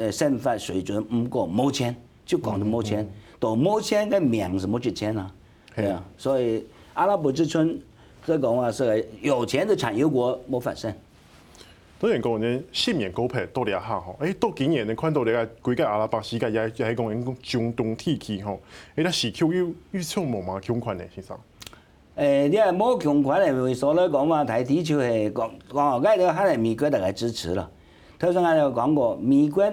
誒生活水準唔過冇錢就講到冇錢，都冇錢嘅命是冇值錢啊。係啊！所以阿拉伯之春即係講話，說係有錢嘅產油國冇發生。當然講咧，資源高配多啲啊嚇！誒，都幾年你看到你個幾個阿拉伯世界又又係講，緊講中東地區吼，誒，但係石油預測做冇嘛強權咧，其實，誒，你係冇強權嘅，所以講話，大地球係講講下你都係美國大概支持啦。頭先我哋講過，美國。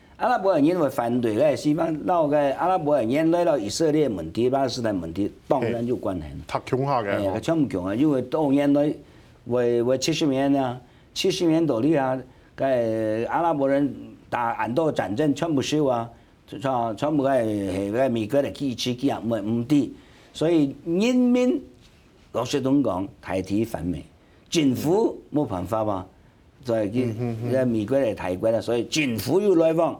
阿拉伯人因為反對，西方撈嘅阿拉伯人來到以色列問題，巴勒斯坦問題，當然有關係他太強下他窮不窮啊！因為當原來，為為七十年啊，七十年多嚟啊，個阿拉伯人打很多戰爭，全部輸啊，全全部係美國嚟支持，啊，沒，問題，所以人民老實冬講大體反美，政府、嗯、沒辦法嘛，就係佢，美國係大國了，所以政府又來往。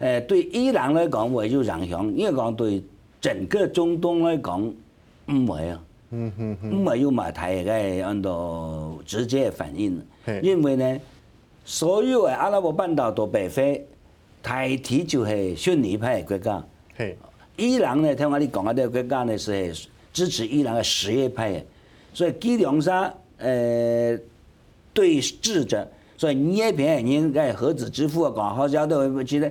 誒，對伊朗嚟講，會有影響。因為講對整個中東嚟講，唔、嗯、會啊，唔會有埋大嘅按照直接嘅反應，嗯、哼因為咧，所有嘅阿拉伯半島都北非，大體就係遜尼派嘅國家。嗯、哼伊朗咧，聽我哋講嘅，啲國家咧係支持伊朗嘅什葉派嘅，所以基本上誒對峙咗，所以葉平，你喺何止支付講好笑都唔記得。